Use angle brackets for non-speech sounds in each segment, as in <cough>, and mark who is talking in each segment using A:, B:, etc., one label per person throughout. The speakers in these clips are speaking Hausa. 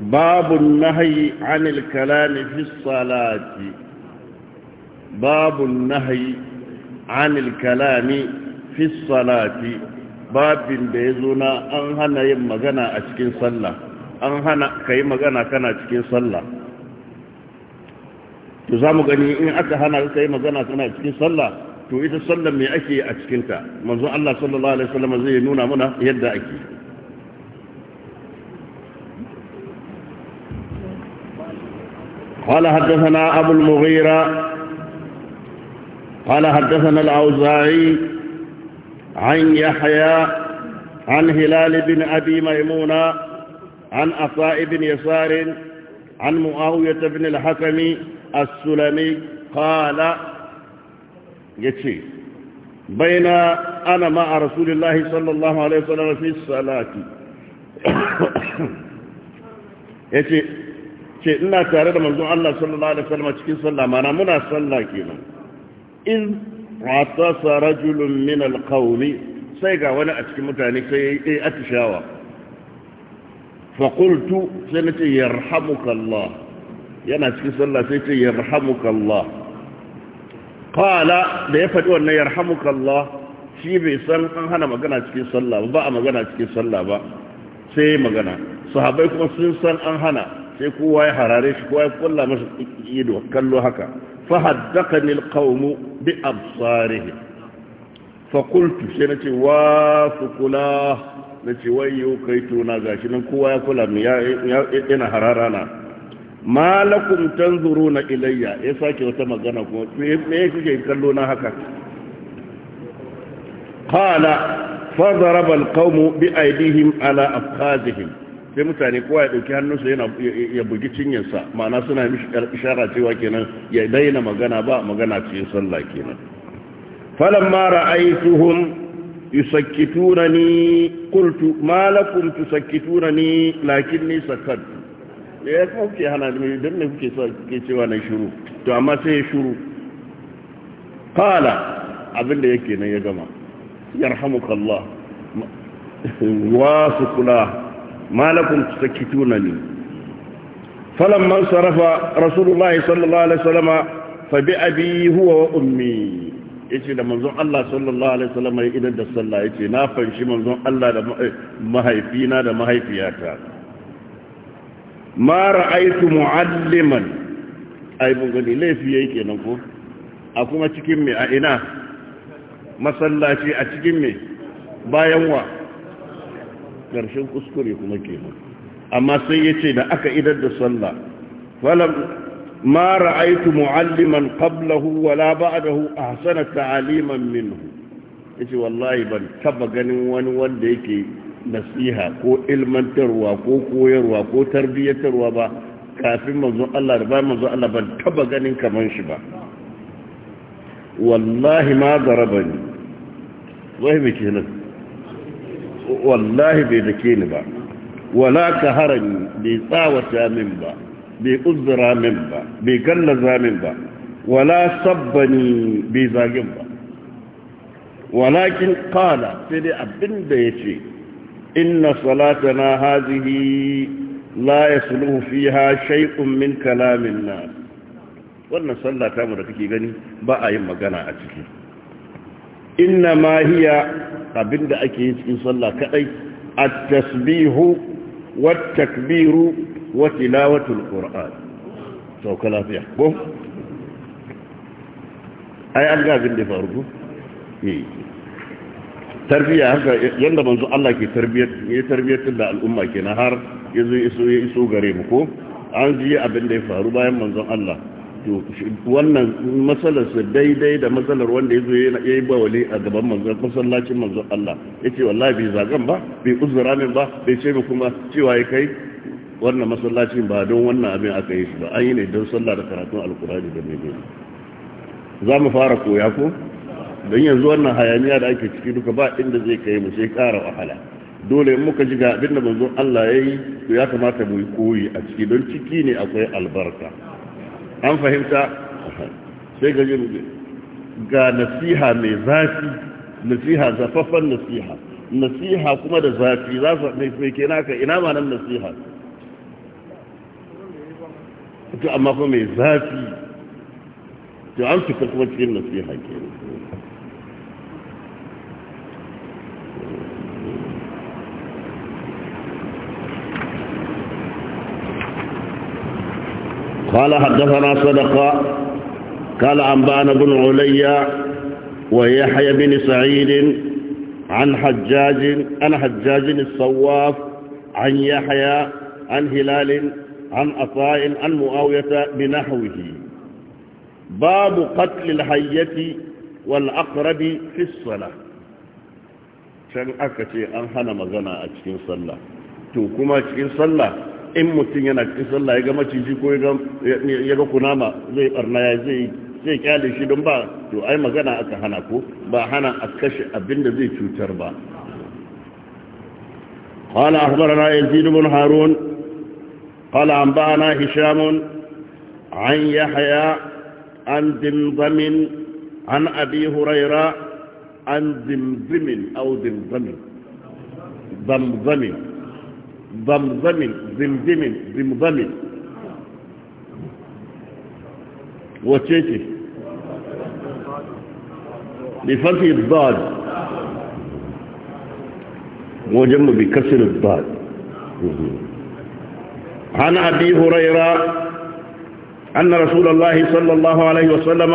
A: باب النهي عن الكلام في الصلاة باب النهي عن الكلام في الصلاة باب بيزونا أن هنا يمغنا أشكين صلى أن هنا كي مغنا كان أشكين صلى تزام غني إن أكا هنا كي مغنا كان أشكين صلى تو إذا صلى مي أكي أشكينتا منذ الله صلى الله عليه وسلم زي نونا منا يد أكي
B: قال حدثنا أبو المغيرة
A: قال حدثنا الأوزاعي عن يحيى عن هلال بن أبي ميمونة عن أصاء بن يسار عن معاوية بن الحكم السلمي قال يتشي بين أنا مع رسول الله صلى الله عليه وسلم في الصلاة يتشي ce ina tare da manzon Allah sallallahu alaihi wasallam cikin sallah mana muna sallah kenan in ratasa rajulun min alqawm sai ga wani a cikin mutane sai yayi dai atishawa fa qultu sai nace yarhamuka Allah yana cikin sallah sai ce yarhamuka Allah qala da ya faɗi wannan yarhamuka Allah shi bai san an hana magana cikin sallah ba a magana cikin sallah ba sai magana sahabbai kuma sun san an hana sai kowa ya harare shi kowa ya kulla masa ido kallo haka fa haddakani alqawmu bi absarihi fa qultu sai nace wa fukula nace wayyo kai to na gashi nan kowa ya kula mu ya ina harara na malakum tanzuruna ilayya ya sake wata magana kuma me kuke kallo na haka qala alqawmu bi aydihim ala afkhadihim sai mutane kowa ya dauki hannunsa yana ya bugi cinyarsa ma'ana suna mishi ishara cewa kenan ya daina magana ba magana cikin sallah kenan falamma ra'aytuhum yusakkitunani qultu ma lakum tusakkitunani lakinni sakattu ya kuke hana ni dan ne kuke so kuke cewa na shiru to amma sai ya shiru qala abinda yake nan ya gama yarhamukallah <laughs> wa sukula ما لكم تسكتونني فلما انصرف رسول الله صلى الله عليه وسلم فبأبي هو وأمي yace da manzon Allah sallallahu alaihi wasallam ya idan da sallah yace na fanshi manzon Allah da mahaifina da mahaifiyata ma ra'aytu mu'alliman ai mun gani laifi yake kenan ko a kuma cikin me a ina masallaci a cikin me bayan wa karshen kuskure kuma kenan amma sai yace da aka idar da sallah falam ma ra'aytu mu'alliman qablahu wala ba'dahu ahsana ta'aliman minhu yace wallahi ban taba ganin wani wanda yake nasiha ko ilmantarwa ko koyarwa ko tarbiyyatarwa ba kafin manzon Allah da bayan manzon Allah ban taba ganin kaman shi ba wallahi ma darabani wai me kenan wallahi bai dake ni ba wala ka harami bai tsawata min ba bai uzura min ba bai gallaza min ba wala sabbani bai zagin ba walakin kala sai dai abin da ya ce inna salatana hazihi la ya suluhu ha shay'un min kalamin nas wannan sallata mu da kake gani ba a yin magana a ciki inna ma hiya abinda ake yi cikin sallah kadai at-tasbihu wat-takbiru wa tilawatul qur'an sauka lafiya ko ai an ga abin da faru ko eh. tarbiya haka yanda manzo Allah ke tarbiyar ya da al'umma kenan har yazo iso ya iso gare mu ko an ji abin da ya faru bayan manzon Allah wannan matsalarsa daidai da matsalar wanda ya zo ya yi bawale a gaban manzan masallacin manzan Allah ya ce wallahi bai zagan ba bai uzura min ba bai ce kuma cewa ya kai wannan masallacin ba don wannan abin aka yi shi ba an yi ne don sallah da karatun alkurani da mai za mu fara koya ko don yanzu wannan hayaniya da ake ciki duka ba inda zai kai mu sai kara wahala dole in muka ji ga abin da manzon Allah ya yi ya kamata mu yi koyi a ciki don ciki ne akwai albarka an fahimta sai ga jirgin ga nasiha mai zafi nasiha zafaffen nasiha nasiha kuma da zafi za su mai ke naka ina ma nan nasiha to amma kuma mai zafi to an fi kuma cikin nasiha ke قال حدثنا صدقة قال أنبان بن علي ويحيى بن سعيد عن حجاج عن حجاج الصواف عن يحيى عن هلال عن عطاء عن معاوية بنحوه باب قتل الحية والأقرب في الصلاة كان أكتي أنحن مغنى أتكين صلى تو كما أتكين صلى in mutum yana cikin sallah ya ga maciji ko ya ga kunama zai barna ya zai zai kyale shi don ba to ai magana aka hana ko ba hana a kashe abin da zai cutar ba qala أخبرنا يزيد بن هارون قال أنبأنا هشام عن يحيى عن دمضم an أبي هريرة عن دمضم أو دمضم دمضم ضمضم زمزم زمضم وتشيكي
B: بفتح الضاد
A: وجم بكسر الضاد عن أبي هريرة أن رسول الله صلى الله عليه وسلم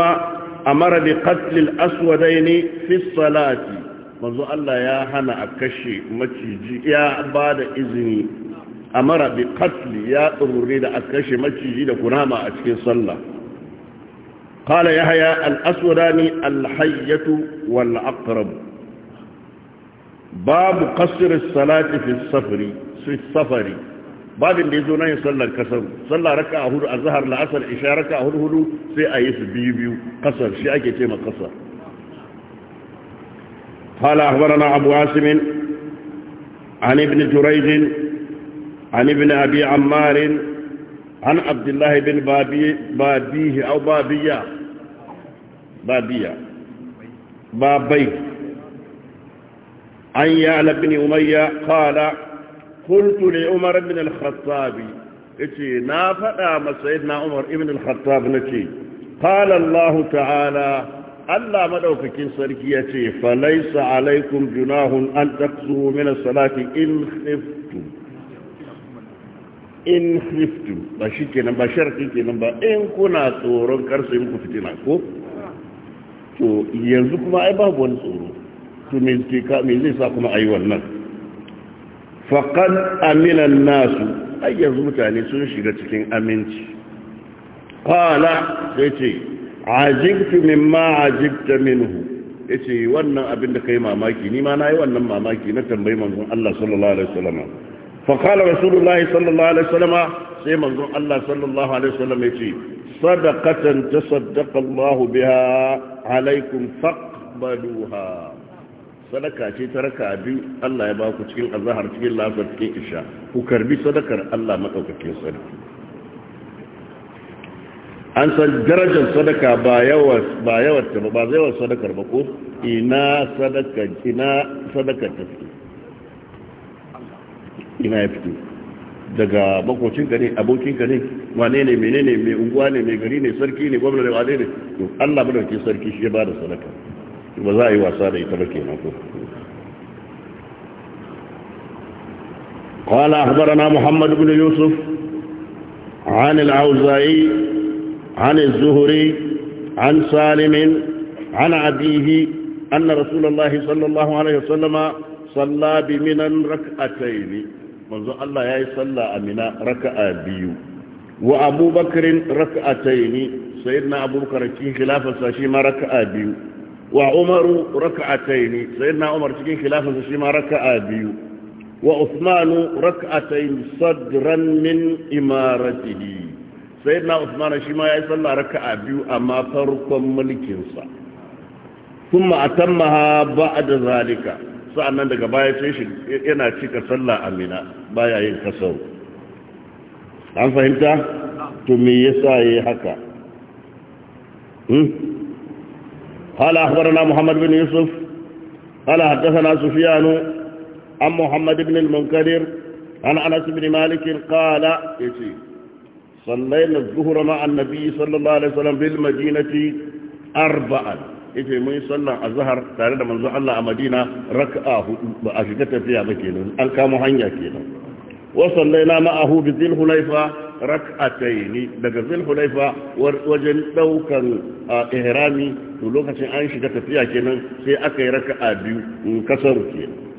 A: أمر بقتل الأسودين في الصلاة manzo Allah ya hana a kashe maciji ya ba da izini a mara bi katli ya tsurure da a kashe maciji da kunama a cikin sallah kala ya haya al'aswadani alhayyatu wal aqrab babu kasir salati fi safari fi safari babin da ya yazo nan sallar kasar sallar a hudu a zahar la'asar isha raka a hudu hudu sai a yi su biyu biyu kasar shi ake ce ma kasar قال أخبرنا أبو عاصم عن ابن جريج عن ابن أبي عمار عن عبد الله بن بابي بابيه أو بابية بابية بابي عن يعلى بن أمية قال قلت لعمر بن الخطاب اتي نافع سيدنا عمر بن الخطاب نتي قال الله تعالى Allah madaukakin sarki ya ce falaisa alaikum junahun an taqsuru min as-salati in khiftu. in khiftu, ba kenan ba sharti kenan ba in kuna tsoron karsu in ku fitina ko to yanzu kuma ai babu wani tsoro to me ka me zai sa kuma ai wannan faqad amina an-nas ai yanzu mutane sun shiga cikin aminci qala sai ce ajibtu mimma ajibta minhu yace wannan abin da kai mamaki ni ma nayi wannan mamaki na tambayi manzon Allah sallallahu alaihi wasallam fa qala rasulullahi sallallahu alaihi wasallam sai manzon Allah sallallahu alaihi wasallam yace sadaqatan tasaddaqa Allah biha alaikum faqbaluha sadaka ce ta raka biyu Allah ya ba ku cikin azhar cikin lafiyar cikin isha ku karbi sadakar Allah madaukakin sarki an san darajar sadaka ba yawa ba yawa ta ba zai sadakar ba ko ina sadaka ina sadaka ta fi ina ya fito daga makocin ka ne abokin ka ne wane ne menene mai unguwa ne mai gari ne sarki ne gwamnati da wane ne to Allah madauki sarki shi ya bada sadaka ba za a yi wasa da ita ba kenan ko قال أخبرنا محمد بن يوسف عن العوزائي عن الزهري عن سالم عن أبيه أن رسول الله صلى الله عليه وسلم صلى بمنا ركعتين منذ الله يا صلى أمنا ركعة بيو وأبو بكر ركعتين سيدنا أبو بكر كي خلافة ساشيما ركعة بيو وعمر ركعتين سيدنا عمر كي خلافة ساشيما ركعة بيو وعثمان ركعتين صدرا من إمارته Sai na usmana shi ma yi sallah raka a biyu amma farkon mulkin sa kuma a da zalika sa'annan daga baya ce shi yana cika sallah amina baya yin kasau an fahimta to me yasa yi haka قال أخبرنا محمد بن يوسف قال حدثنا سفيان عن محمد بن المنكدر عن أنس بن مالك قال يتي صلينا الظهر مع النبي صلى الله عليه وسلم بالمدينة أربعا إذا من صلى الظهر تعالى من زعل الله مدينة ركعة أشكت فيها بكينا الكام هنيا كينا وصلينا معه بذي الحليفة ركعتين daga zil hulaifa wajen daukan ihrami to lokacin an shiga tafiya kenan sai aka yi raka'a biyu kasar kenan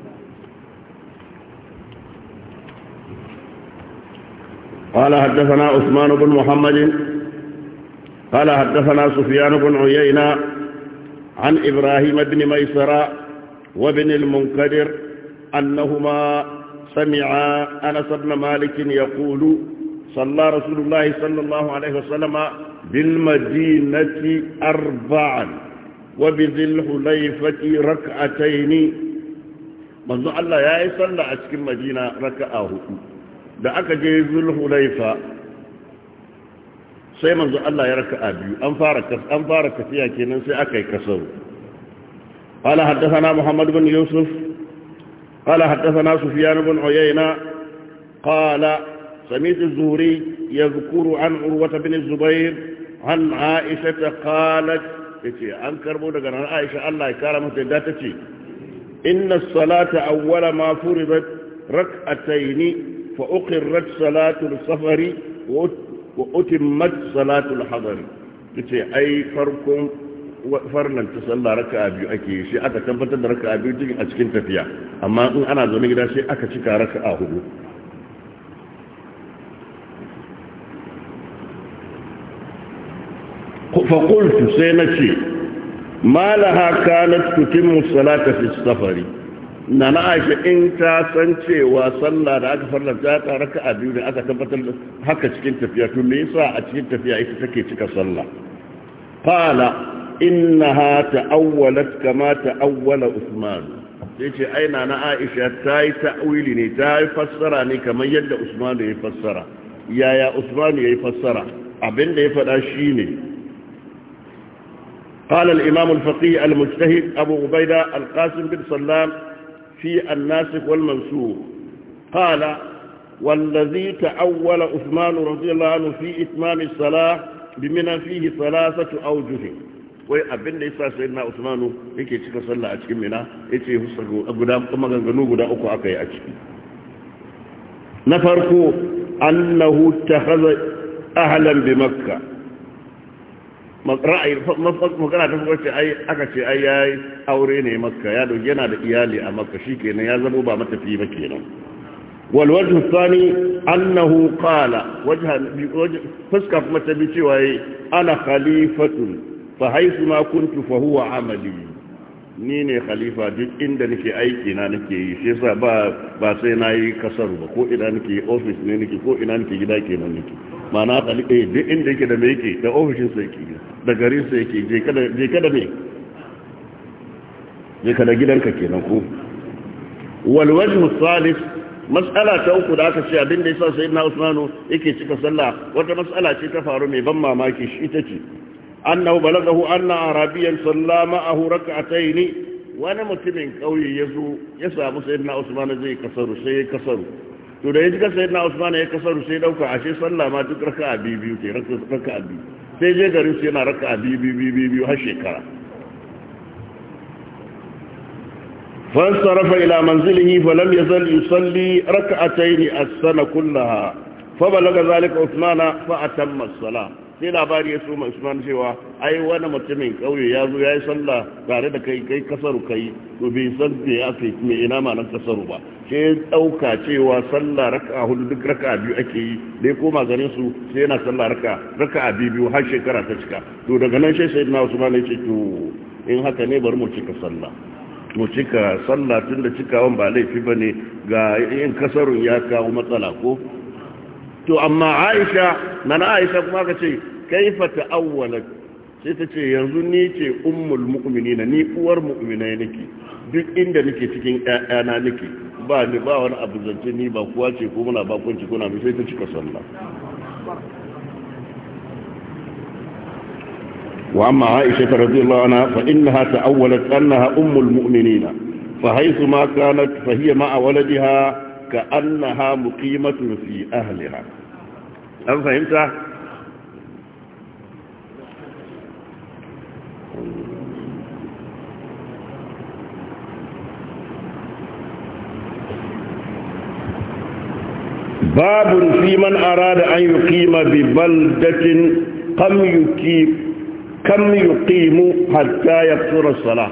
A: قال حدثنا عثمان بن محمد قال حدثنا سفيان بن عيينة عن إبراهيم بن ميسرة وابن المنكدر أنهما سمعا أنس بن مالك يقول صلى رسول الله صلى الله عليه وسلم بالمدينة أربعا وبذي الحليفة ركعتين منذ الله يا صلى أشكي مدينة ركعة هدو da aka je zulhulaifa sai manzo Allah ya raka a biyu an fara tafiya kenan sai aka yi kasau qala haddathana muhammad ibn yusuf qala haddathana sufyan ibn uyayna qala سميت الزهري يذكر عن عروة بن الزبير عن عائشة قالت إتي أنكر بودا قال عن عائشة الله كرمه تداتتي إن الصلاة أول ما فرضت ركعتين fa salatul safari wa utimmat salatul hadari ce ai farkon farnan ta sallah raka'a biyu ake shi aka tabbatar da raka'a biyu cikin a cikin tafiya amma in ana zaune gida sai aka cika a hudu فقلت sai ما لها كانت تتم الصلاة في safari. na na aisha in ta san cewa sallah da aka farlanta ta raka a biyu da aka tabbatar da haka cikin tafiya tun me yasa a cikin tafiya ita take cika sallah qala innaha ta'awwalat kama ta'awwala usman sai ce ai na na aisha ta yi ta'wili ne ta yi fassara ne kamar yadda usman ya fassara yaya usman ya yi fassara da ya faɗa shine قال الإمام الفقيه المجتهد أبو عبيدة القاسم بن سلام في الناسخ والمنسوخ قال والذي تأول عثمان رضي الله عنه في إتمام الصلاة بمن فيه ثلاثة أوجه وأبن ليس سيدنا عثمان هيك يتشكى صلى الله منا هيك يحصل قدام قم قنو قد أقوى أكي أجي نفرق أنه اتخذ أهلا بمكة ra'ayi magana ta fuka ce ai aka ce ai yayi aure ne makka ya dauki yana da iyali a makka shikenan ya zama ba matafi ba kenan wal wajhu thani annahu qala wajha fuska kuma ta bi cewa ana khalifatun fa haythu ma kuntu fa huwa amali ni ne khalifa duk inda nake aiki na nake yi sai sa ba ba sai na yi kasar ba ko ina nake office ne nake ko ina nake gida kenan nake ma'ana khalifa eh duk inda yake da me yake da office sai yake da gari sai yake je kada je kada me je kada gidanka kenan ko wal wajhu salis mas'ala ta uku da aka ce abin da yasa sayyidina Usmanu yake cika sallah wata mas'ala ce ta faru mai ban mamaki shi ita ce annahu balagahu anna arabiyan salla ma'ahu rak'atayn wani mutumin kauye yazo ya samu sayyidina usman zai kasaru sai ya kasaru to da yaji sayyidina usman ya kasaru sai dauka ashe sallah ma duk raka'a biyu biyu ce raka'a biyu sai je garin su yana raka'a biyu biyu biyu biyu har shekara فانصرف إلى منزله فلم يزل يصلي ركعتين السنة كلها فبلغ ذلك عثمان فأتم الصلاة sai labari ya soma usman cewa ai wani mutumin kauye ya zo ya yi sallah tare da kai kai kasaru kai to bai san me ake me ina nan kasaru ba sai ya dauka cewa sallah raka hudu duk raka biyu ake yi ko koma garin su sai yana sallah raka raka biyu biyu har shekara ta cika to daga nan sai na usman ya ce to in haka ne bari mu cika sallah mu cika sallah tun cikawan ba laifi bane ga yin kasarun ya kawo matsala ko to amma aisha nana aisha kuma ka ce kaifa ta'awwalat sai ta ce yanzu ni ce ummul mu'minina ni uwar mu'minai nake duk inda nake cikin ƴaƴana nake ba ni ba wani abu zance ni ba kuwa ce ko muna ba kunci kuna mu sai ta cika sallah wa amma aisha ta radhiyallahu anha fa innaha ta'awwalat annaha ummul mu'minina fa haythu ma kanat fa hiya ma'a waladiha كأنها مقيمة في أهلها هل فهمت؟ باب في من أراد أن يقيم ببلدة كم يقيم كم يقيم حتى يكثر الصلاة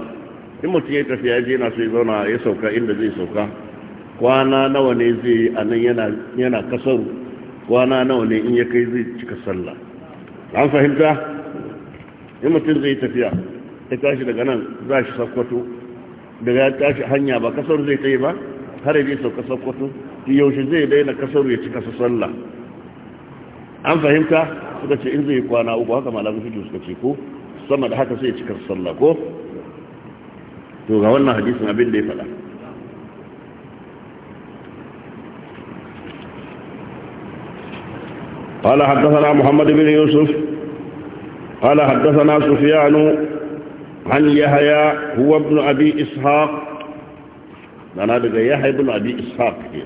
A: in mutum ya tafiya je na كإن zauna ya sauka inda zai sauka kwana nawa ne zai yi a nan yana kasaru kwana nawa ne in ya kai zai cika sallah an fahimta in mutum zai tafiya ya tashi daga nan za shi sakwato daga ya tashi hanya ba kasar zai kai ba har yi sauka sakkwato yaushe zai daina kasar ya cika su sallah an fahimta suka ce in zai yi kwana uku haka malamin fiji suka ce ko sama da haka sai ya cika sallah ko to ga wannan hadisin abin da ya faɗa قال حدثنا محمد بن يوسف قال حدثنا سفيان عن يحيى هو ابن أبي إسحاق أنا بقى يحيى بن أبي إسحاق هنا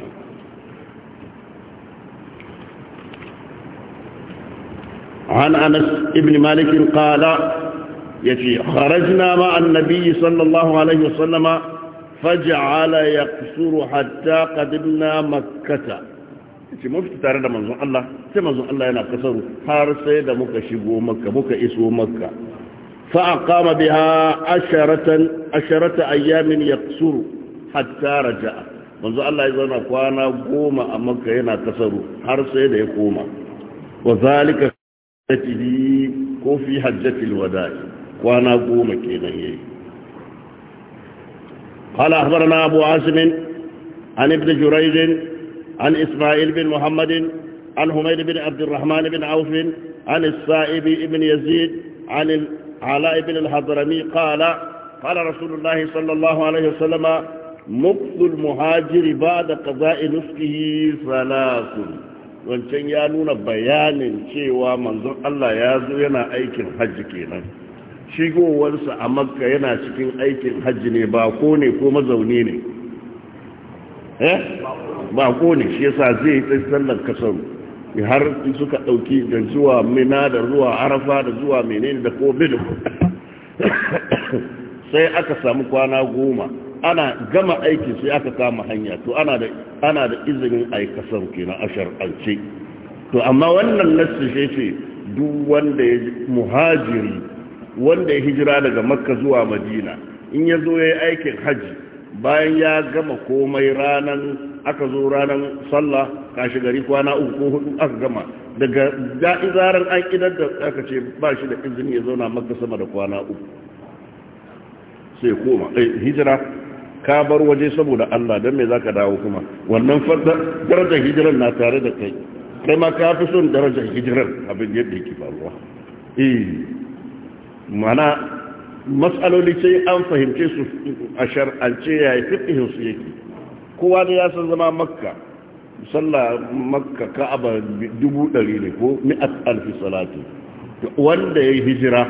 A: عن أنس ابن مالك قال يتي خرجنا مع النبي صلى الله عليه وسلم فجعل يقصر حتى قدمنا مكة ce mun fita tare da manzon Allah sai manzon Allah yana kasaru har sai da muka shigo makka muka iso makka fa aqama biha asharatan asharata ayamin yaqsuru hatta raja'a manzon Allah ya zauna kwana goma a makka yana kasaru har sai da ya koma wa zalika hajjatihi ko fi hajjatil wada'i kwana goma kenan yayi قال أخبرنا أبو عاصم عن ابن جريج عن إسماعيل بن محمد عن حميد بن عبد الرحمن بن عوف عن السائب بن يزيد عن العلاء بن الحضرمي قال قال رسول الله صلى الله عليه وسلم مكث المهاجر بعد قضاء نسكه ثلاث wancan ya بيان bayanin cewa الله يازو ينا ايك الحج كينا hajji kenan shigowarsa a makka yana cikin aikin hajji ne ba ko ba ko ne shi yasa zai tsaye sallar kasaru har suka ɗauki da zuwa mina da zuwa arafa da zuwa menene da ko bidu sai aka samu kwana goma ana gama aiki sai aka kama hanya to ana da izinin a yi ke kenan a shar'ance to amma wannan nassi shi ce duk wanda ya muhajiri wanda ya hijira daga makka zuwa madina in ya zo ya yi aikin hajji bayan ya gama komai ranar aka zo ranar sallah kashi gari kwana uku ko hudu aka gama daga da'i zarar an idar da aka ce ba shi da izini ya zauna maka sama da kwana uku sai koma eh, hijira ka bar waje saboda Allah don me za ka dawo kuma wannan darajar hijirar na tare da kai kai ma ka fi son darajar hijirar abin yadda yake faruwa eh, mana matsaloli sai an fahimce su a shar'ance ya yi fiƙihinsu yake kowa da ya san zama makka sallah makka ka'aba dubu ɗari ne ko mi'at alfi salatu wanda ya yi hijira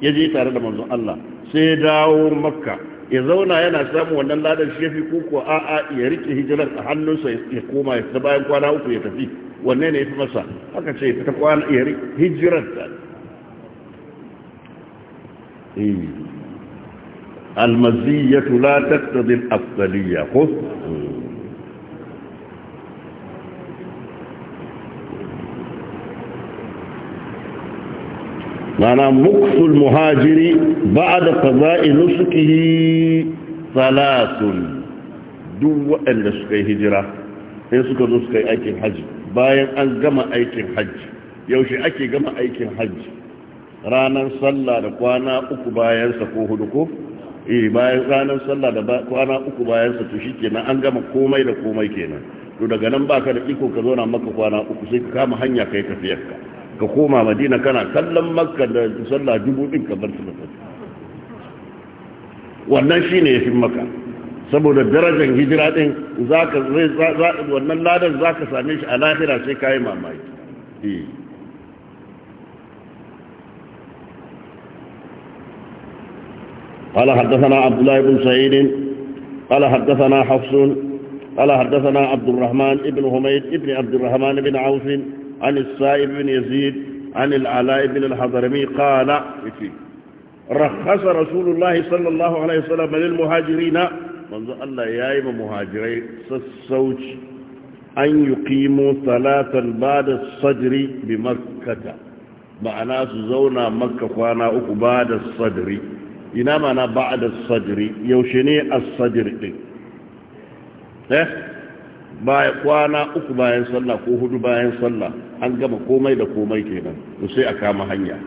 A: ya je tare da manzon Allah sai ya dawo makka ya zauna yana samun wannan ladan shefi ko ko a'a ya rike hijirar a hannunsa ya koma ya bayan kwana uku ya tafi wanne ne ya fi masa haka ce ta kwana ya rike hijirar almaziyatu la taqtadi al-afdaliyya khus mana muqsul muhajiri ba'da qada'i nusukihi salatun duwa inda suka hijira sai suka zo suka aikin haji bayan an gama aikin hajji, yaushe ake gama aikin hajji? ranar sallah da kwana uku bayansa ko hudu ko eh bayan ranar sallah da kwana uku bayan sa to shikenan an gama komai da komai kenan to daga nan baka da iko ka zauna maka kwana uku sai ka kama hanya kai tafiyar ka ka koma madina kana kallon makka da sallah dubu din ka bar su wannan shine yafi maka saboda darajar hijira din zaka zai wannan ladan zaka same shi a lahira sai kai mamaki eh قال حدثنا عبد الله بن سعيد قال حدثنا حفص قال حدثنا عبد الرحمن بن حميد بن عبد الرحمن بن عوف عن السائب بن يزيد عن العلاء بن الحضرمي قال رخص رسول الله صلى الله عليه وسلم للمهاجرين منذ الله ايها مهاجرين سسوج أن يقيموا ثلاثا بعد الصدر بمكة معناه زونا مكة فانا أكو بعد الصدر ina mana da sadri yaushe ne a sadri ɗin? eh ya kwana uku bayan sallah ko hudu bayan sallah an gama komai da komai kenan to sai a kama hanya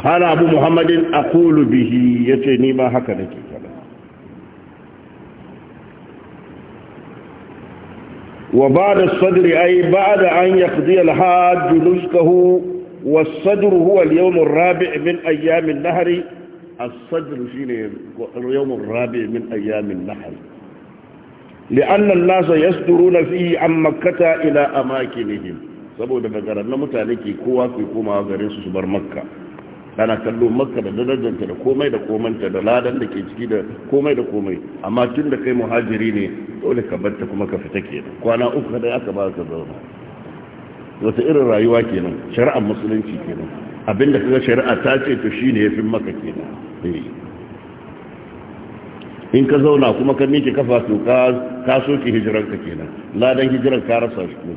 A: kana abu muhammadin aqulu bihi ce ni ba haka nake ai ba da an أن يقضي hajji nuskahu والصدر هو اليوم الرابع من أيام النهر الصدر شيء اليوم الرابع من أيام النهر لأن الناس يصدرون فيه عن مكة إلى أماكنهم saboda daga ranar mutane ke kowa ke komawa garin su su bar makka ana kallo makka da darajarta da komai da komanta da ladan ke ciki da komai da komai amma tun da kai muhajiri ne dole ka bar kuma ka fita kenan kwana uku da aka ba ka zauna wata irin rayuwa kenan shari'ar musulunci kenan abinda kaga shari'a ta ce to shine yafi maka kenan eh. in ka zauna kuma ka miƙe kafa to ka ka soke hijiran ka kenan ladan hijiran ka rasa shi ko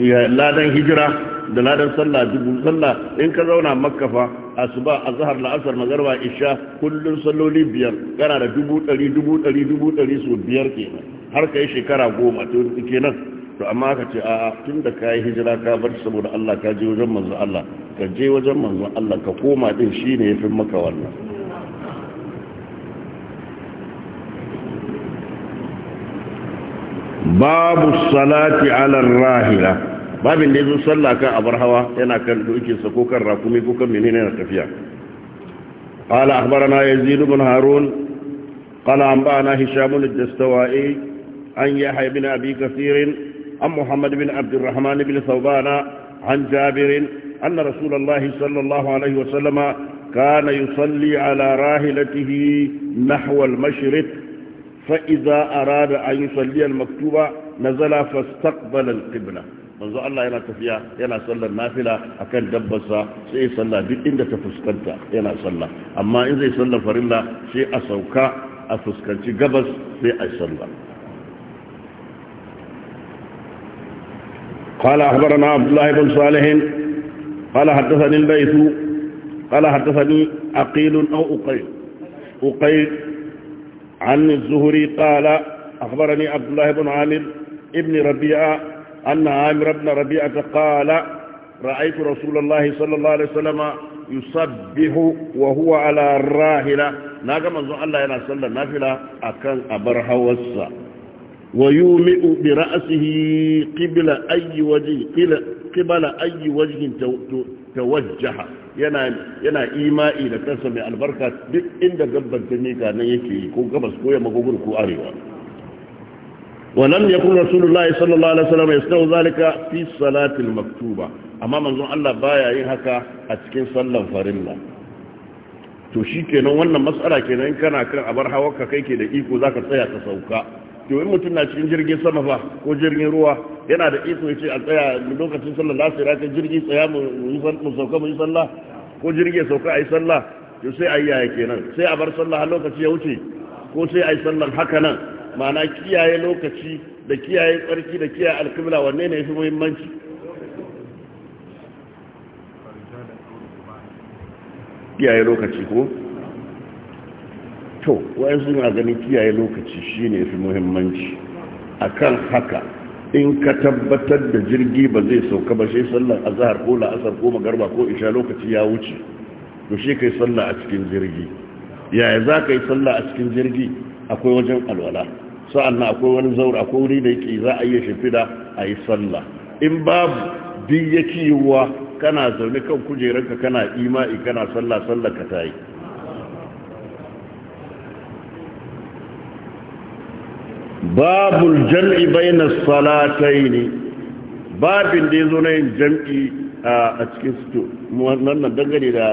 A: to ya ladan hijira da ladan sallah dubu sallah in ka zauna makka fa asuba azhar la'asar magarba isha kullun salloli biyar kana da dubu dari dubu dari dubu dari so biyar kenan har kai shekara goma to kenan to amma ka ce a tun da ka yi hijira ka bar saboda Allah ka je wajen manzon Allah ka je wajen manzon Allah ka koma din shine yafi maka wannan babu salati ala rahila babin da yazo sallah kan abar hawa yana kan dokin sa ko kan rakumi ko kan menene na tafiya قال أخبرنا يزيد بن هارون قال أنبأنا هشام الدستوائي عن يحيى بن أبي كثير عن محمد بن عبد الرحمن بن ثوبان عن جابر أن رسول الله صلى الله عليه وسلم كان يصلي على راهلته نحو المشرق فإذا أراد أن يصلي المكتوبة نزل فاستقبل القبلة manzo Allah yana tafiya yana sallar nafila akan dabbarsa sai ya duk inda ta fuskanta yana salla amma in zai sallar farilla sai a sauka a fuskanci gabas sai a sallah قال أخبرنا عبد الله بن صالح قال حدثني البيث قال حدثني أقيل أو أقيل أقيل عن الزهري قال أخبرني عبد الله بن عامر ابن ربيعة أن عامر بن ربيعة قال رأيت رسول الله صلى الله عليه وسلم يسبح وهو على الراهلة ناقم الزهر الله ينسل نافلة أكن أبرها والسأ ويومئ برأسه قبل أي وجه قبل أي وجه توجه yana yana ima'i da kansa mai albarka duk inda gabban ta nan yake ko gabas ko yamma ko gudu ko arewa ولم يكن رسول الله صلى الله عليه وسلم يستوى ذلك في الصلاة المكتوبة أما منظر الله بايا ينهك أتكين صلى فرلا to shi kenan wannan matsala kenan kana kan abar hawa ka kai ke da iko zaka tsaya ka sauka to in mutum na cikin jirgin sama ba ko jirgin ruwa yana da iko ya ce a tsaya lokacin sallah sai raka jirgi tsaya mu sauka mu yi sallah ko jirgin sauka a yi sallah to sai a yi yaya kenan sai a bar sallah har lokaci ya wuce ko sai a yi sallah haka nan ma'ana kiyaye lokaci da kiyaye tsarki da kiyaye alkibla wanne ne ya fi muhimmanci kiyaye lokaci ko to wayansu na gani kiyaye lokaci shine fi muhimmanci akan haka in ka tabbatar da jirgi ba zai sauka ba shi sallar azhar ko la'asar ko magarba ko isha lokaci ya wuce to shi kai sallah a cikin jirgi yaya za ka yi sallah a cikin jirgi akwai wajen alwala na akwai wani zaur akwai wuri da yake za a iya shimfida a yi sallah in babu duk yake yiwuwa kana zaune kan kujerarka kana ima'i kana sallar sallar ka ta yi babul jam'i bayna salataini babin da yazo na yin jam'i a cikin su wannan dangane da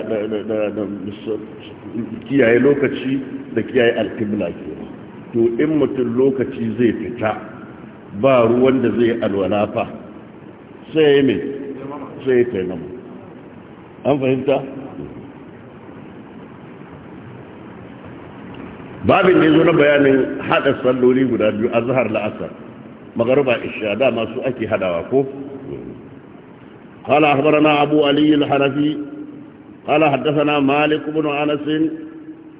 A: kiyaye lokaci da kiyaye alqibla ke to in mutum lokaci zai fita ba ruwan da zai alwala fa sai mai sai taimama an fahimta babin da ya zo na bayanin haɗa salloli guda biyu ما zahar la'asar magaruba قال أخبرنا أبو علي الحنفي قال حدثنا مالك بن أنس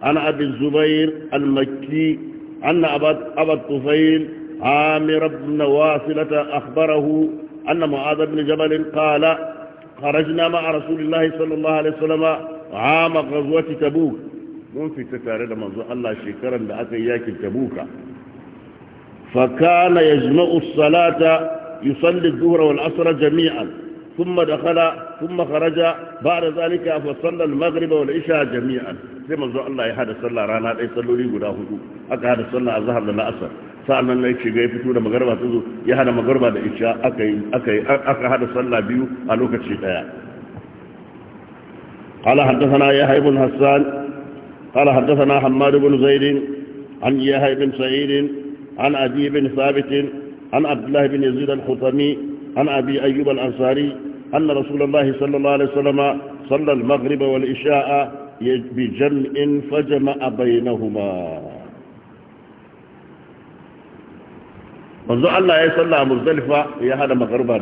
A: عن أبي الزبير المكي أن أبا الطفيل عامر بن واصلة أخبره أن معاذ بن جبل قال خرجنا مع رسول الله صلى الله عليه وسلم عام غزوة تبوك mun fita tare da manzo Allah shekaran da aka yi yakin tabuka فكان يجمع الصلاة يصلي الظهر والعصر جميعا ثم دخل ثم خرج بعد ذلك فصلى المغرب والعشاء جميعا sai manzo Allah ya hada sallah rana ɗaya salloli guda hudu aka hada sallah azhar da la'asar sa'annan ne shiga ya fito da magarba ta zo ya hada da isha aka yi hada sallah biyu a lokaci daya qala haddathana ya haibun hassan قال حدثنا حماد بن زيد عن يحيى بن سعيد عن أبي بن ثابت عن عبد الله بن يزيد الحطمي عن أبي أيوب الأنصاري أن رسول الله صلى الله عليه وسلم صلى المغرب والإشاء بجمع فجمع بينهما manzo الله ya salla a Muzdalifa ya hada magarba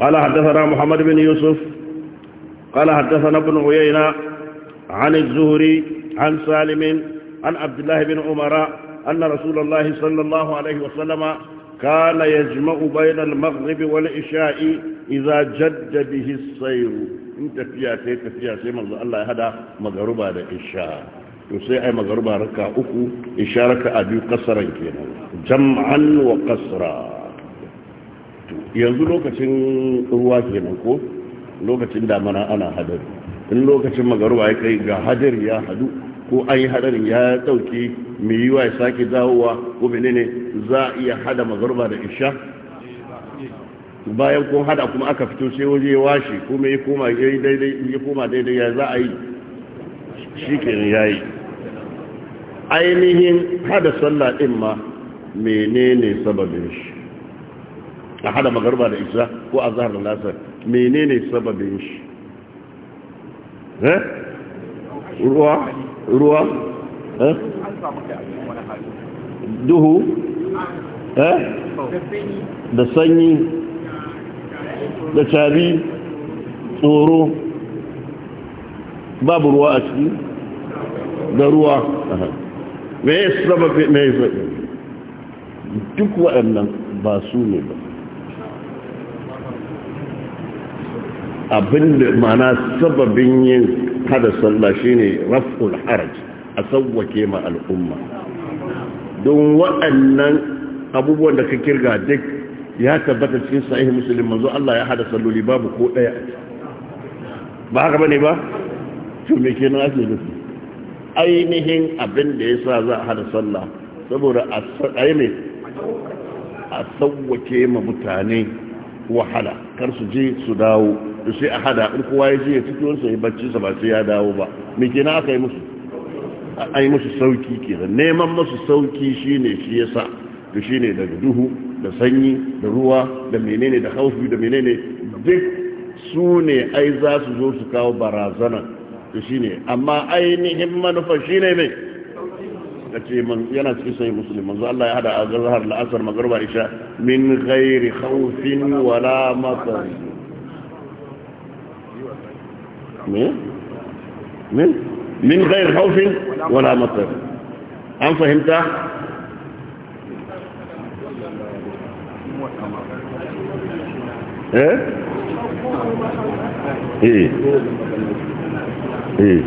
A: قال حدثنا محمد بن يوسف قال حدثنا ابن عيينة عن الزهري عن سالم عن عبد الله بن عمر أن رسول الله صلى الله عليه وسلم كان يجمع بين المغرب والعشاء إذا جد به السير in tafiya sai tafiya sai manzo Allah ya hada magaruba da isha to sai ai magaruba raka uku isha raka a biyu kasaran kenan jam'an wa kasra yanzu lokacin ruwa kenan ko lokacin damana ana hadari in lokacin magaruwa ya kai ga hadari ya hadu ko an yi hadarin ya dauke mai yiwa ya sake dawowa ko menene za a iya hada magaruwa da isha bayan kun hada kuma aka fito sai waje ya washe kuma ya koma daidai ya koma daidai ya za a yi shi ya yi ainihin hada sallah din ma menene sababin shi a hada magarba da isha ko a zahar da lasar menene sababin shi eh ruwa ruwa eh duhu eh da sanyi da cari tsoro babu ruwa a ciki da ruwa me ya sababin duk waɗannan ba su ne ba abin da mana sababin yin hada sallah shine raf'ul haraj a sauwake ma al'umma don waɗannan abubuwan da ka kirga duk ya tabbata cikin sahih muslim manzo Allah ya hada salloli babu ko daya ba haka bane ba to me kenan ake nufi ainihin abin da yasa za a hada sallah saboda a ne a sauwake ma mutane wahala kar su je su dawo da sai a hada in kowa ya ce ya fito sa ya bacci sa ba sai ya dawo ba me na aka yi musu a yi musu sauki da neman musu sauki shine shi ya da shi ne daga duhu da sanyi da ruwa da menene da haufi da menene duk su ne ai za su zo su kawo barazana shi ne amma ainihin manufa ne mai ka ce yana cikin sai musulmi manzo Allah ya hada a zahar la'asar magarba isha min ghairi khawfin wala matsari من من من غير خوف ولا مطر ام فهمت
B: ايه ايه
A: ايه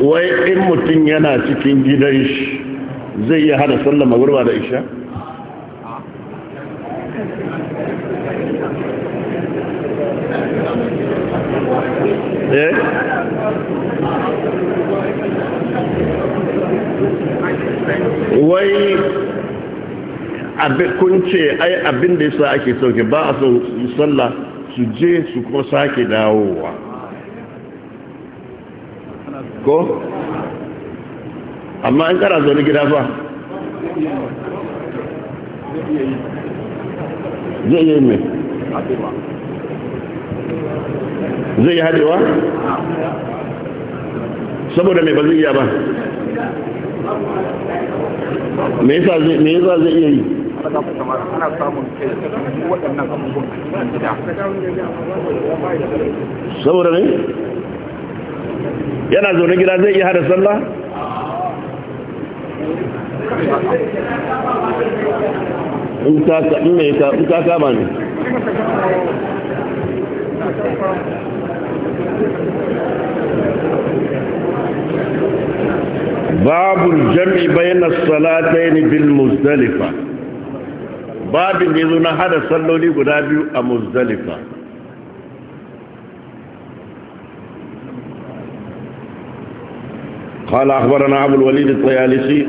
A: وي ام تين ينا cikin gidan shi zai ya hada sallama wai kun ce ai abin da yasa ake sauke ba a son sallah su je su kuma sake dawowa ko amma an kara zaune gida ba zai yi mai zai haɗewa saboda mai ba zai iya ba me yasa zai iya yi ana samun saboda ne yana zaune gida zai iya hada sallah in ta kama ne باب الجمع بين الصلاتين بالمزدلفة باب يذن هذا صلوا لي قدابي المزدلفة قال أخبرنا أبو الوليد الطيالسي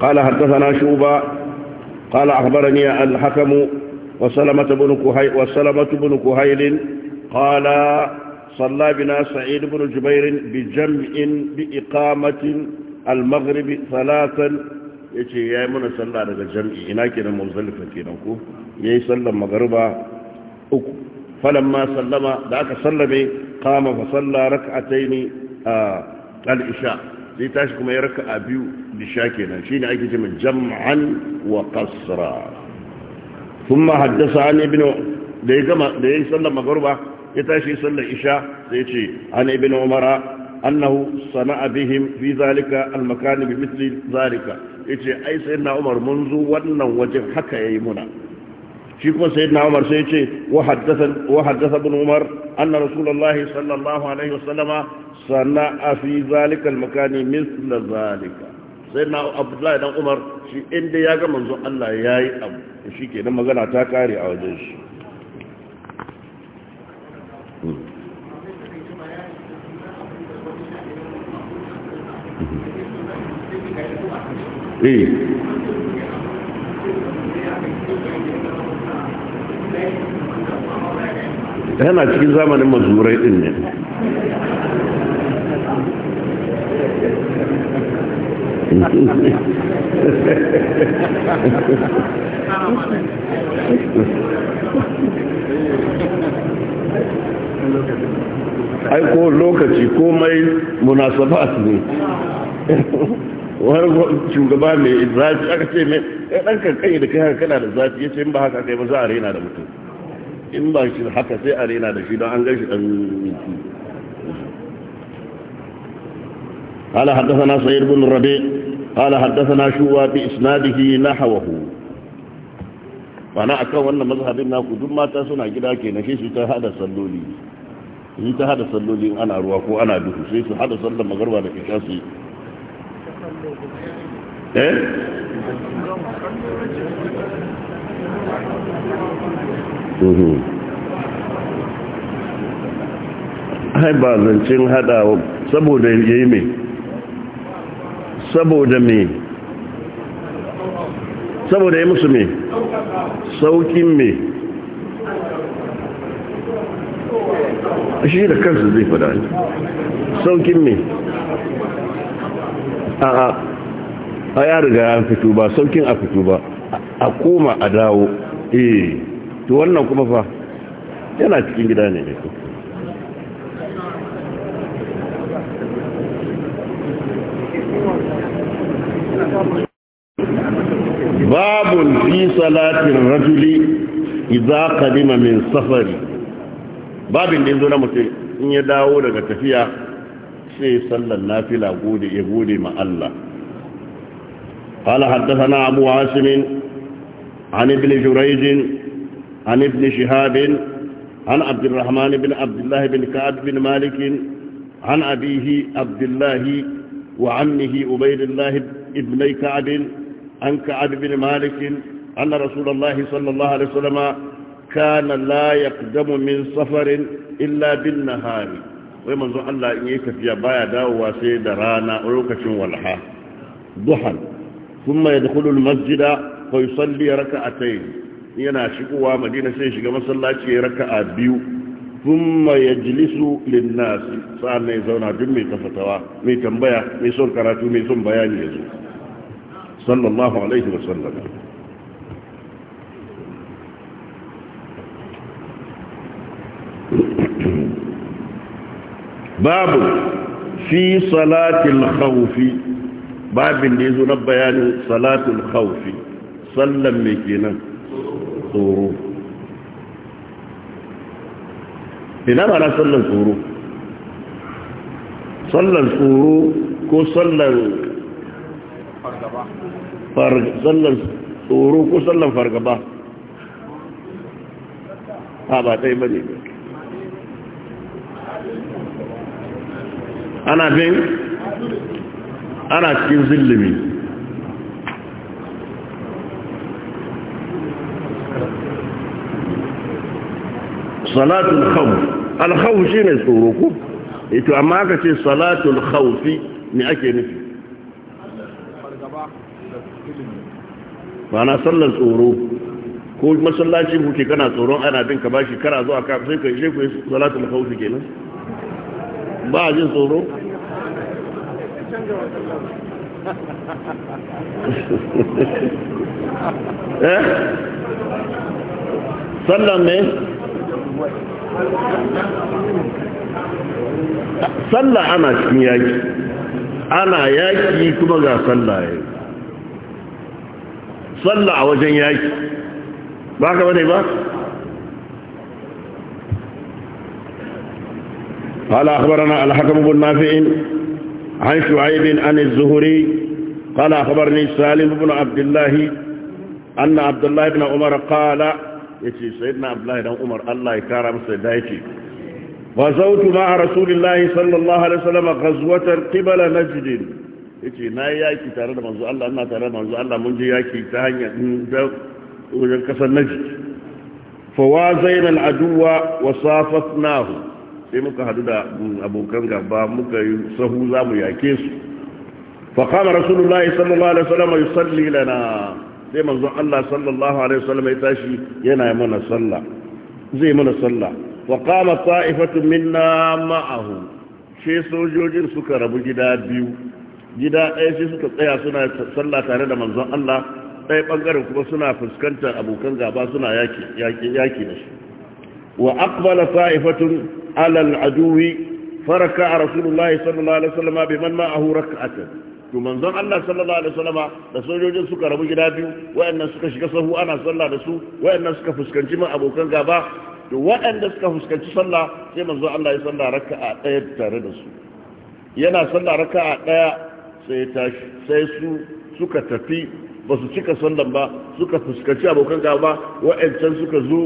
A: قال حدثنا شوبا قال أخبرني الحكم وسلامة بن كهي وسلمة بن كهيل قال صلى بنا سعيد بن جبير بجمع بإقامة المغرب ثلاثا يجي يا من صلى على الجمع هناك من مزلفة كنكو يسلم مغربا أكو فلما سلم ذاك سلم قام فصلى ركعتين آه، الإشاء زي تاشكم يركع أبيو لشاكنا شيني أجي من جمعا وقصرا ثم حدث عن ابن da ya gama da ya yi sallar magarba ya tashi sallar isha sai ce an ibn umara annahu sana'a bihim fi zalika al-makan bi mithli zalika yace ai sayyidina umar mun zo wannan wajen haka yayi muna shi kuma sayyidina umar sai yace wa wa haddatha ibn umar anna rasulullah sallallahu alaihi wasallama sana'a fi zalika al zalika umar shi inda ya manzo Allah yayi abu to shi kenan magana ta kare a wajen shi hmm. eh yana cikin zamanin mazurai din ne ha, <laughs> ha ai ko lokaci komai munasabat ne wani shugaba mai zafi aka ce mai eh, ɗan kankan da kai haka kana da zafi ya ce in ba haka kai ba za a rena da mutum in ba shi haka sai a rena da shi don an gashi ɗan miki قال حدثنا سعيد بن الربيع قال حدثنا شوى na نحوه mana akan wannan mazhabin naku duk mata suna gida ke na shi ta hada salloli shi ta hada salloli in ana ruwa ko ana duhu sai su hada sallar magarba da isha su eh hai mhm. ba zancin hada saboda yayi me saboda me saboda ya musu me saukin me shi da kansu zai fada saukin me a a ya riga ya fito ba saukin a fito ba a koma a dawo eh to wannan kuma fa yana cikin gida ne ne صلاة الرجل إذا قدم من سفر باب الإنزول متي إن يداو لك تفيا شيء صلى النافلة قولي يقولي مع الله قال حدثنا أبو عاصم عن ابن جريج عن ابن شهاب عن عبد الرحمن بن عبد الله بن كعب بن مالك عن أبيه عبد الله وعمه أبيد الله ابن كعب عن كعب بن مالك أن رسول الله صلى الله عليه وسلم كان لا يقدم من سفر إلا بالنهار ومن ذو الله إن يكفي بايا داوة سيد رانا ولوكة والحا ضحى ثم يدخل المسجد ويصلي ركعتين ينا شكوى مدينة سيشك مسلاتي ركعة بيو ثم يجلس للناس سألنا يزونا جمي تفتوى مي تنبيا مي سون كراتو مي سون بياني يزو صلى الله عليه وسلم باب في صلاة الخوف باب الذي يزول يعني صلاة الخوف صلى مكينا صوروف هنا معنى صلى الصوروف صلى الصوروف كو صلى فرق صلى الصوروف كو صلى فرق با
B: هذا تيمني ana bin ana cikin zillimi
A: salatul khawf al-khawf shine tsoro ko ito eh amma aka ce salatul khawf ne ake nufi ba na sallar tsoro ko masallaci kuke kana tsoron ana bin ka bashi kara zuwa ka sai ka je ku salatul khawf kenan ba jin tsoro
B: <laughs> eh sallan ne
A: sallah ana cikin yaki ana yaki kuma ga sallah ya sallah a wajen yaki ba ka wane ba قال أخبرنا الحكم بن nafi'in عن شعيب عن الزهري قال أخبرني سالم بن عبد الله أن عبد الله بن عمر قال يتي سيدنا عبد الله بن عمر الله يكرم سيدايتي غزوت مع رسول الله صلى الله عليه وسلم غزوة قبل نجد يتي ناي ياكي تare da manzo Allah ina tare da manzo Allah mun je yaki ta hanyar wajen kasar Najd fawazaina al-aduwa wa safafnahu sai muka hadu da abokan gaba muka yi sahu za mu yake su faƙama rasulullahi sallallahu alaihi wasallam ya salli lana sai manzo Allah sallallahu alaihi wasallam ya tashi yana mana sallah zai mana sallah faƙama ta'ifatu minna ma'ahu sai sojojin suka rabu gida biyu gida ɗaya sai suka tsaya suna sallah tare da manzon Allah ɗaya ɓangaren kuma suna fuskantar abokan gaba suna yaki da shi wa aqbala ta'ifatun على العدو فركع رسول الله صلى الله عليه وسلم بمن معه ركعة ومن ظن الله صلى الله عليه وسلم لسوجوجين suka rabu gida biyu wayannan suka shiga sahu ana sallah da su wayannan suka fuskanci man abokan gaba to wayanda suka fuskanci sallah sai manzo Allah ya sallah raka'a daya tare da su yana sallah raka'a daya sai su suka tafi ba su cika sallan ba suka fuskanci abokan gaba wayancan suka zo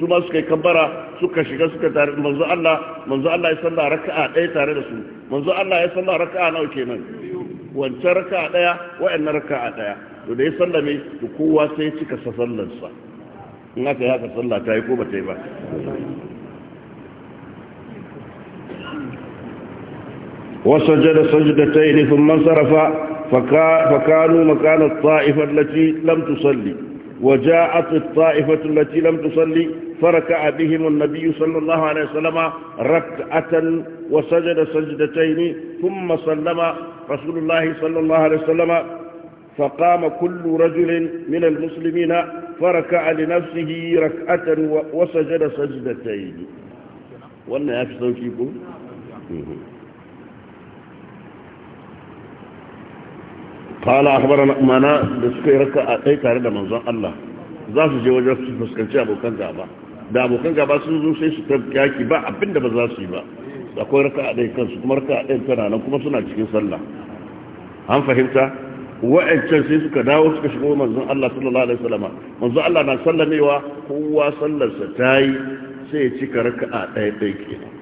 A: su ma suka yi kambara suka shiga suka tare manzo Allah manzo Allah ya sallah raka'a ɗaya tare da su manzo Allah ya sallah raka'a nawa kenan wancan raka'a ɗaya wa'annan raka'a ɗaya to da ya sallame to kowa sai ya cika sa sallarsa in aka yi haka sallah ta yi ko ba ta yi ba وسجد سجدتين ثم انصرف فكانوا مكان الطائفة التي لم تصلي وجاءت الطائفة التي لم تصلي فركع بهم النبي صلى الله عليه وسلم ركعة وسجد سجدتين ثم سلم رسول الله صلى الله عليه وسلم فقام كل رجل من المسلمين فركع لنفسه ركعة وسجد سجدتين وانا يفسد فيكم قال أخبرنا مانا بسكي ركعة أي تارد منظر الله za su je wajen su fuskanci abokan gaba da abokan gaba sun zo sai su yaki ba abinda ba za su yi ba akwai raka a ɗai kansu kuma raka a ɗai tana nan kuma suna cikin sallah an fahimta wa'ancan sai suka dawo suka shigo manzon Allah sallallahu alaihi wasallam manzon Allah na sallamewa kowa sallarsa ta yi sai ya cika raka a ɗai ɗai kenan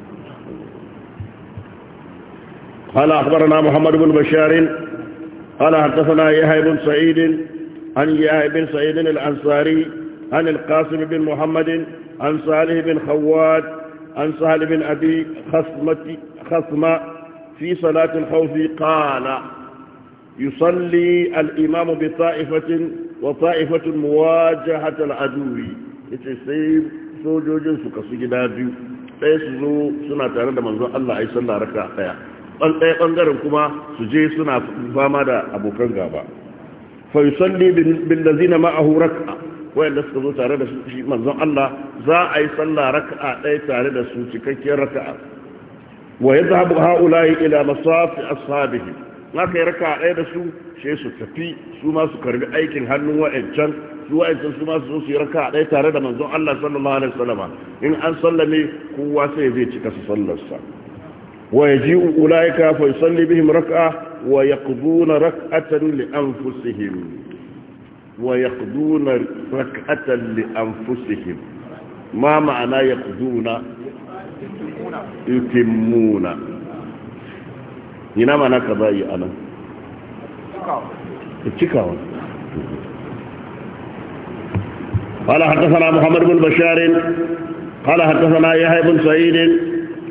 A: قال أخبرنا محمد بن بشار قال حدثنا يحيى بن سعيد عن يحيى بن سعيد الأنصاري عن القاسم بن محمد عن صالح بن خواد عن سهل بن أبي خصمة, خصمة في صلاة الخوف قال يصلي الإمام بطائفة وطائفة مواجهة العدو يتسيب سوجوج سكسجدا بيو ɗaya su zo suna tare da manzon Allah a yi sallah raka ɗaya ɗan ɗaya ɓangaren kuma su je suna fama da abokan gaba fa yusalli bil wayanda suka zo tare da su shi manzon Allah za a yi sallah raka'a ɗaya tare da su cikakkiyar raka'a wa ya yadhhabu haula'i ila masafi ashabihi haka yi raka'a ɗaya da su sai su tafi su ma su karbi aikin hannun wa'ancan su wa'ancan su ma su zo su yi raka'a ɗaya tare da manzon Allah sallallahu alaihi wasallam in an sallame kowa sai zai cika su sallarsa wa yaji'u ulaika fa yusalli bihim raka'a wa yaqduna rak'atan li anfusihim ويقضون ركعة لأنفسهم ما معنى يقضون يتمون هنا معنى كذائي أنا اتكاوا قال حدثنا محمد بن بشار قال حدثنا يحيى بن سعيد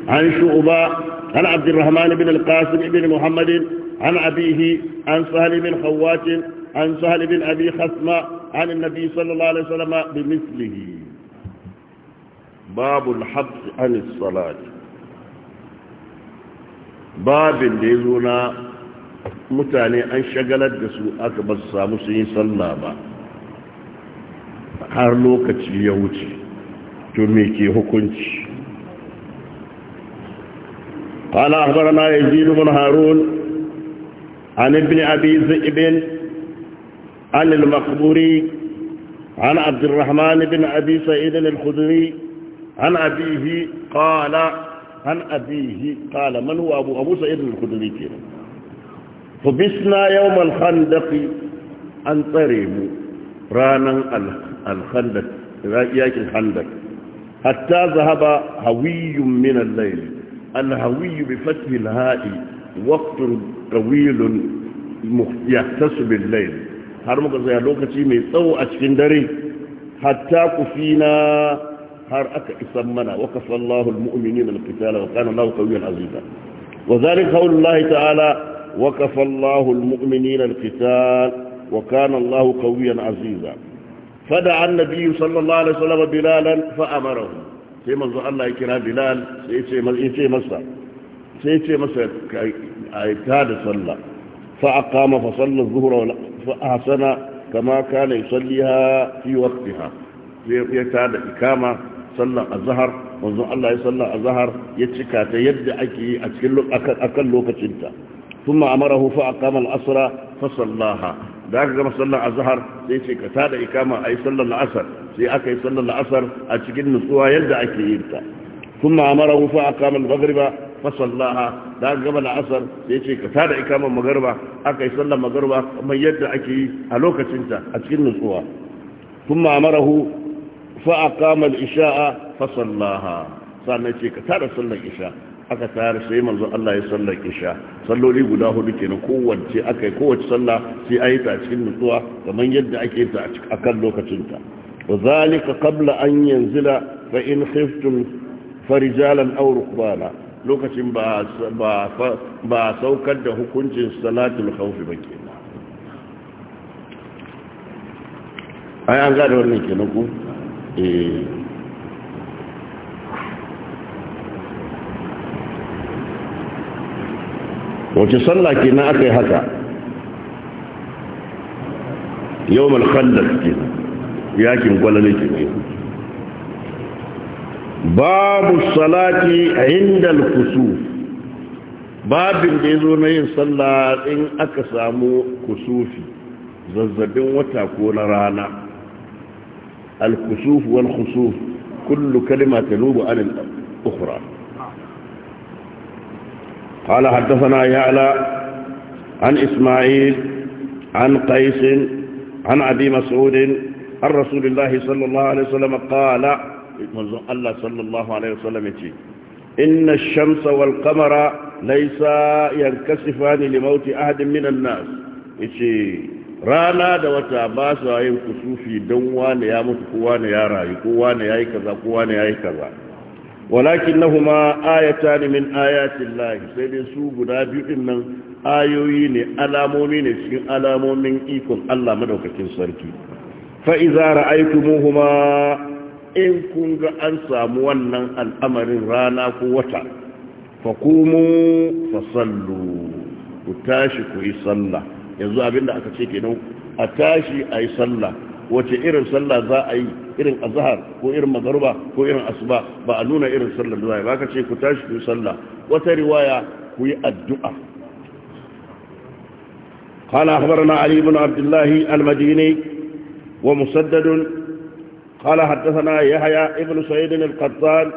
A: عن شعبة عن عبد الرحمن بن القاسم بن محمد عن أبيه عن سهل بن خوات عن سهل بن أبي خثمة عن النبي صلى الله عليه وسلم بمثله باب الحبس عن الصلاة babin da ya zo na mutane an shagalar da su aka ba su samu sun yi sallah ba har lokaci ya wuce to me ke hukunci قال أخبرنا يزيد بن هارون عن ابن أبي ذئب عن المقبوري عن عبد الرحمن بن أبي سعيد الخدري عن أبيه قال عن أبيه قال من هو أبو أبو سعيد الخدري كنا فبسنا يوم الخندق أن تريم رانا الخندق رأيك الخندق حتى ذهب هوي من الليل الهوي بفتح الهاء وقت طويل يحتسب الليل har muka tsaya lokaci mai tsawo a cikin dare hatta ku kufina har aka isan mana wa kafallahu almu'minina alqitala wa kana Allahu qawiyyan aziza wa zalika qawlullahi ta'ala wa kafallahu almu'minina alqital wa kana Allahu qawiyyan aziza fada an-nabiy sallallahu alaihi wasallam bilalan fa amarahu sai manzo Allah ya kira bilal sai ya ce masa sai ya ce masa ka ta da sallah fa aqama fa sallu adh wa أحسن كما كان يصليها في وقتها في يتعالى إكامة صلى الظهر منذ الله صلى الظهر يتكى تيد أكي أكل لوكة انت ثم أمره فأقام الأسرى فصلىها ذاك كما صلى الظهر يتكى تيد إكامة أي صلى الأسر سيأكى صلى الأسر أكي نصوها يد أكي انت ثم أمره فأقام المغرب fasallaha da aka gaba la'asar da ya ce ka tada ikamar magarba aka yi sallar magarba kamar yadda ake yi a lokacinta a cikin nutsuwa tun ma'amarahu fa'akamar isha'a fasallaha sannan ce ka tada sallar isha aka tara sai manzo Allah ya sallar isha salloli guda hudu kenan kowace aka yi kowace sallah sai a yi ta a cikin nutsuwa kamar yadda ake ta a kan lokacinta وذلك قبل أن ينزل فإن خفتم فرجالا أو ركبانا lokacin ba a saukar da hukuncin salatul khawfi ba ke ai an gada wannan ke nuku eh. wace sallah ke na aka yi haka yau malkhandar ke yakin gwalale ke ne باب الصلاة عند الكسوف باب بيزون أي صلاة إن أكسامو كسوفي زلزل وتكون رانا الكسوف والخسوف كل كلمة تنوب عن الأخرى قال حدثنا يعلى عن إسماعيل عن قيس عن أبي مسعود عن رسول الله صلى الله عليه وسلم قال manzon Allah sallallahu alaihi wasallam yace inna ash-shamsa wal laisa, laysa yankasifani li limauti, ahadin minan nas rana da wata ba su yin kusufi don wani ya mutu ko wani ya rayu ko ya yi kaza ko ya yi kaza walakinnahuma ayatan min ayati lahi, sai dai su guda biyu din nan ayoyi ne alamomi ne cikin alamomin ikon Allah madaukakin sarki fa'iza iza huma. in kun ga an samu wannan al'amarin rana ko wata fa fa sallu ku tashi ku yi sallah yanzu abinda aka ce kenan a tashi a yi sallah wace irin sallah za a yi irin azhar ko irin magaruba ko irin asuba ba a nuna irin sallar zuwa ba ka ce ku tashi ku yi sallah wata riwaya ku yi addu'a قال أخبرنا علي بن عبد الله المديني ومسدد قال حدثنا يحيى ابن سعيد القطان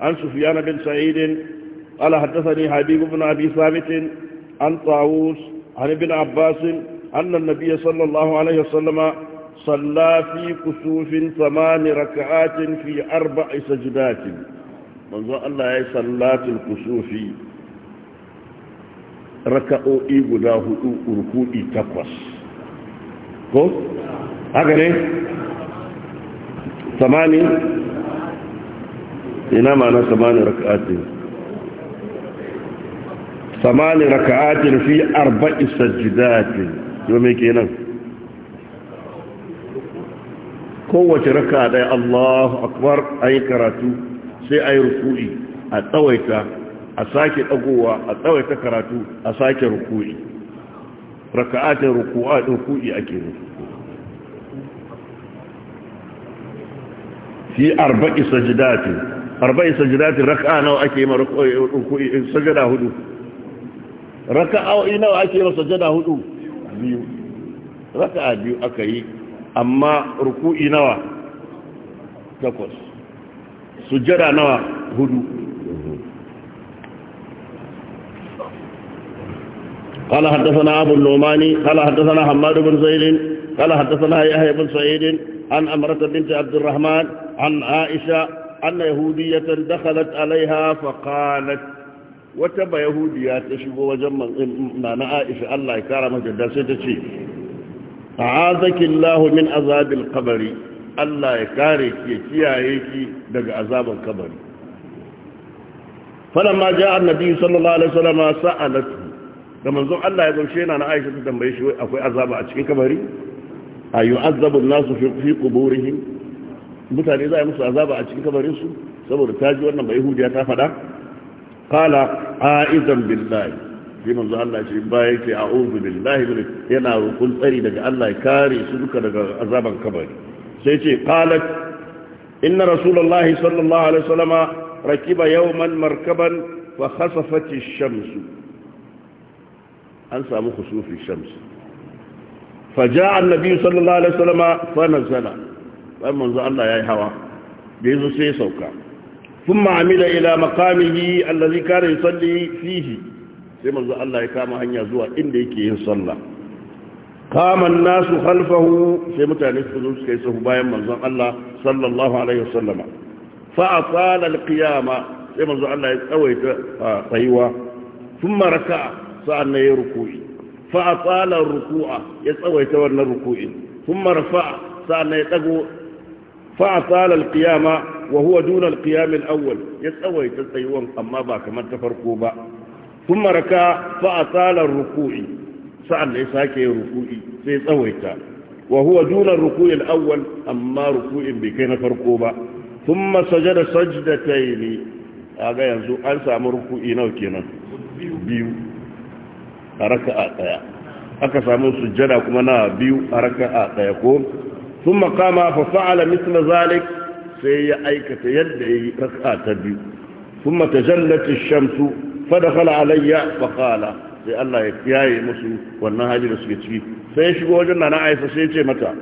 A: عن سفيان بن سعيد قال حدثني حبيب بن أبي ثابت عن طاووس عن ابن عباس أن النبي صلى الله عليه وسلم صلى في كسوف ثمان ركعات في أربع سجدات منذ الله صلاة الكسوف raka'o'i guda hudu ruku'i takwas ko haka ne samani ina ma'ana samani raka'atin samani raka'atin fi arba'i sajjidatin yau mai kenan kowace raka ɗaya allahu akbar a yi karatu sai a yi rukuri a tsawaita a sake ɗagowa a tsawaita karatu a sake ruku'i, raka'atin rukuri ake nufi fi arba'i sajdatin arba'i sajdatin raka'a eh, eh, nawa ake ma sajada hudu raka'a nawa ake ma sajada hudu raka'a biyu aka yi amma ruku'i nawa takwas sujada nawa hudu قال حدثنا أبو النعماني قال حدثنا حماد بن زيد قال حدثنا يحيى بن سعيد عن أمرة بنت عبد الرحمن عن عائشة أن يهودية دخلت عليها فقالت وتبا يهودية تشبه وجمع معنى عائشة الله يكرم جدا ستشي أعاذك الله من عذاب القبر الله يكارك يكيائك دق عذاب القبر فلما جاء النبي صلى الله عليه وسلم سألته da manzon Allah ya zaushe na na Aisha ta tambaye shi akwai azaba a cikin kabari a yi azabin nasu fi kuburihim mutane za a yi musu azaba a cikin kabarinsu saboda ta ji wannan bai hudiya ta faɗa kala a izan billahi shi manzo Allah ce baya ke a uzu billahi bin yana rukun tsari daga Allah ya kare su duka daga azaban kabari sai ce qalat inna rasulullahi sallallahu alaihi wasallama rakiba yawman markaban fa khasafat ash-shams an samu khusufi shams فجاء النبي صلى الله عليه وسلم فنزل فمن الله يا هوا بيزو سي سوكا ثم عمل الى مقامه الذي كان يصلي فيه sai manzo Allah ya kama hanya zuwa inda yake yin sallah kama nasu khalfahu sai mutane su zo suka yi sahu bayan manzon Allah sallallahu alaihi wasallama fa atala alqiyama sai manzo Allah ya tsawaita tsayuwa thumma raka'a sa'an ya ruku'i fa atala ruku'a ya tsawaita wannan ruku'i thumma rafa'a sa'an ya dago fa atala alqiyama wa huwa duna alqiyam alawwal ya tsawaita tsayuwan amma ba kamar ta farko ba thumma raka fa atala ruku'i sa'an ya sake yin ruku'i sai ya tsawaita wa huwa duna ruku'i alawwal amma ruku'in bai kai na farko ba saje da thumma ne, sajdatayn ga yanzu an samu ruku'i nawa kenan biyu a a ɗaya aka samu sujjada kuma na biyu a a ɗaya ko sun makama fa fa'ala misla zalik sai ya aikata yadda ya yi raka ta biyu sun mata jallata shamsu fada kala alayya fa sai allah ya yaye musu wannan hali da suke ciki sai ya shigo wajen na aisa sai ya ce mata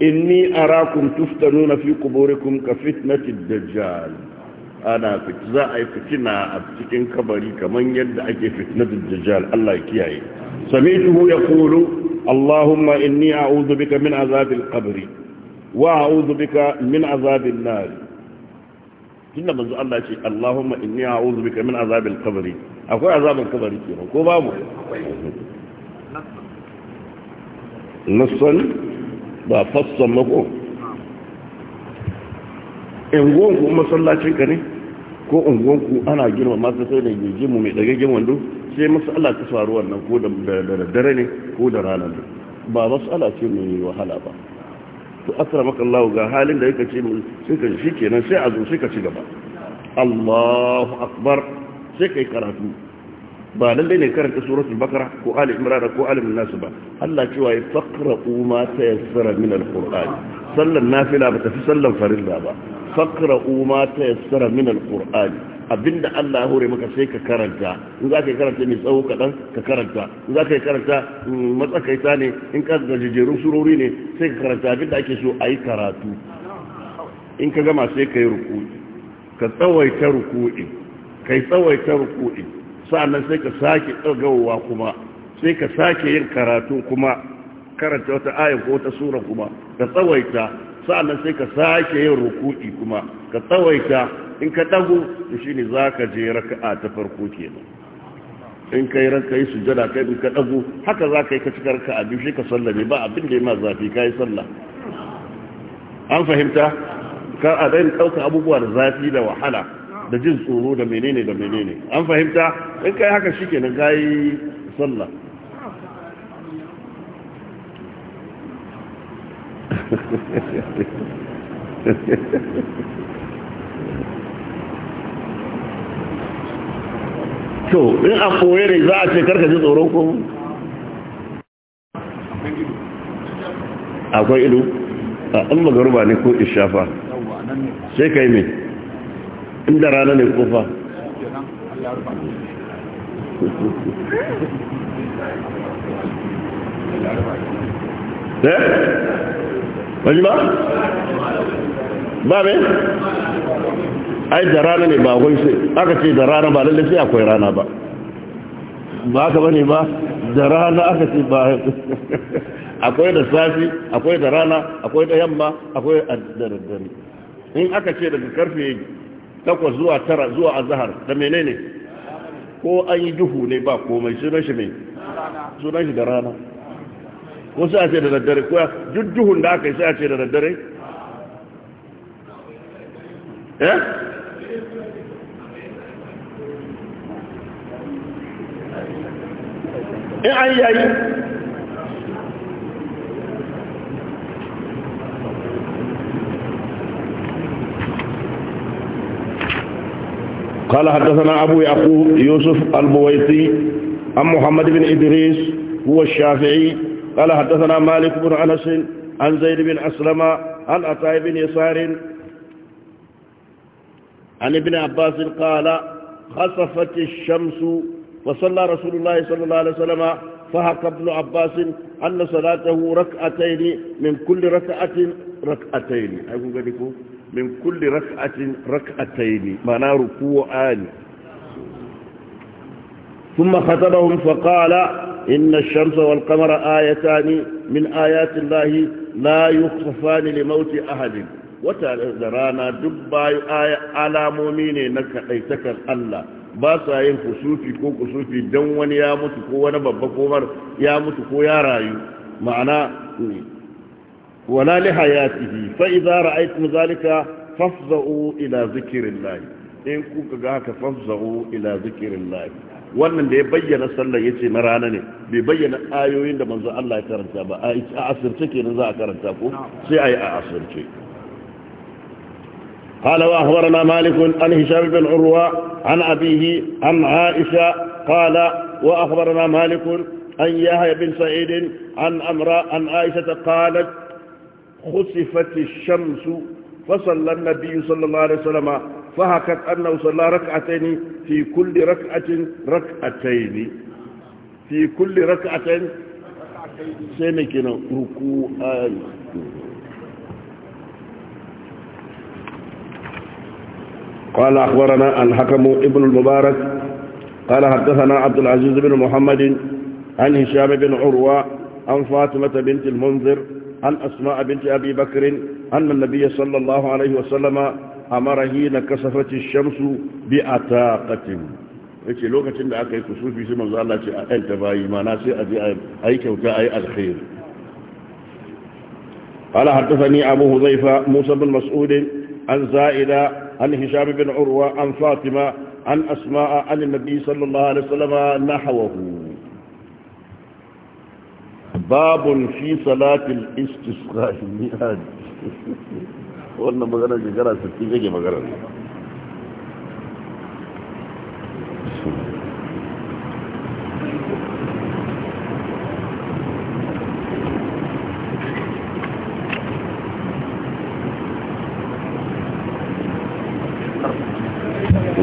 A: inni arakum nuna fi kuburikum ka fitnati dajjal ana za a yi fitina a cikin kabari kamar yadda ake fitnatul dajjal Allah ya kiyaye sami'tuhu yaqulu Allahumma inni a'udhu bika min azabil qabri wa a'udhu bika min azabin nar tunda manzo Allah ce Allahumma inni a'udhu bika min azabil qabri akwai azabin kabari kenan ko babu nassan ba fassan mako in gonku masallacin ka ne ko unguwanku ana girma masu sai da jimu mu mai dagaggen wando sai Allah ta faru wannan ko da dare ne ko da rana ne ba Allah ce mai wahala ba to maka Allah ga halin da yake ce mu sai ka shi kenan sai a zo sai ka ci gaba Allahu akbar sai kai karatu ba lallai ne karanta suratul bakara ko ali imran ko ali nas ba Allah cewa ya faqra ma tayassara min alqur'ani sallan nafila ba ta fi sallan farilla ba faqra'u ma tayassara min alqur'ani abinda Allah ya hore maka sai ka karanta in za ka yi karanta mai tsawo kaɗan ka karanta in za ka yi karanta mm, matsakaita ne in ka gajejerun surori ne sai ka karanta abinda ake so a yi karatu in ka gama sai ka yi ruku'i ka tsawaita ruku'i ka yi tsawaita ruku'i sa'annan sai ka sake tsagawa kuma sai ka sake yin karatu kuma karanta wata aya ko wata sura kuma ka tsawaita sa'annan sai ka sake yin ruku'i kuma ka tsawaita in ka dago to shine zaka je raka'a ta farko kenan in kai ranka yi sujada kai in ka dago haka zaka yi ka cika raka'a biyu shi ka sallame ba abin da ya ma zafi kai sallah an fahimta ka a dai ɗauka abubuwa da zafi da wahala da jin tsoro da menene da menene an fahimta in kai haka shikenan gayi sallah to in a koye ne za a ce karka ji tsoron ko akwai ido a an magaruba ne ko ishafa sai kai mai inda rana ne kofa
B: eh wani ba ba mai
A: ai da rana ne ba wai sai aka ce da rana ba lalle sai akwai rana ba ba ka bane ba da rana aka ce ba <laughs> akwai da safi akwai da rana akwai da yamma akwai da daddare in aka ce daga karfe 8 zuwa 9 zuwa azhar da menene ko an yi duhu ne ba komai sunan shi mai sunan shi da rana ko sai a ce da daddare ko duk duhun da aka yi sai a ce da daddare eh in an yayi قال حدثنا أبو يعقوب يوسف البويطي عن محمد بن إدريس هو الشافعي قال حدثنا مالك بن أنس عن زيد بن أسلم عن أتاي بن يسار عن ابن عباس قال خسفت الشمس وصلى رسول الله صلى الله عليه وسلم فحق ابن عباس أن صلاته ركعتين من كل ركعة ركعتين أقول لكم من كل ركعة ركعتين معنى ركوعان ثم خطبهم فقال إن الشمس والقمر آيتان من آيات الله لا da لموت أحد وترانا دبا آية على مؤمنين نكأيتك الله ba sa yin kusufi ko kusufi don wani ya mutu ko wani babba ko ya mutu ko ya rayu ma'ana wala li hayatihi fa idza ra'aytum zalika fafza'u ila zikrillah in kuka ga haka fafza'u ila zikrillah wannan da ya bayyana sallar yace na rana ne bai bayyana ayoyin da manzo Allah ya karanta ba a asirce kenan za a karanta ko sai ayi a asirce قال وأخبرنا مالك عن هشام بن عروة عن أبيه عن عائشة قال وأخبرنا مالك عن يحيى بن سعيد عن أمراء عن عائشة قالت خسفت الشمس فصلى النبي صلى الله عليه وسلم فهكت أنه صلى ركعتين في كل ركعة ركعتين في كل ركعة سنكنا ركوعان قال أخبرنا الحكم ابن المبارك قال حدثنا عبد العزيز بن محمد عن هشام بن عروة عن فاطمة بنت المنذر عن أسماء بنت أبي بكر أن النبي صلى الله عليه وسلم amarahi na kasafaci shamsu bi a taƙatin yake lokacin da aka yi kusurfi su manzu Allah ce a ƴanta bayi ma na sai a je a yi kyauta a yi alkhair ala hartasa abu huzaifa musa bin mas'udin an za'ida an hisham bin urwa an fatima an asma'a an nabi sallallahu alaihi wasallam na hawahu babun fi salatil istisqa ni hadi wannan magana shekara 60 kake magana ne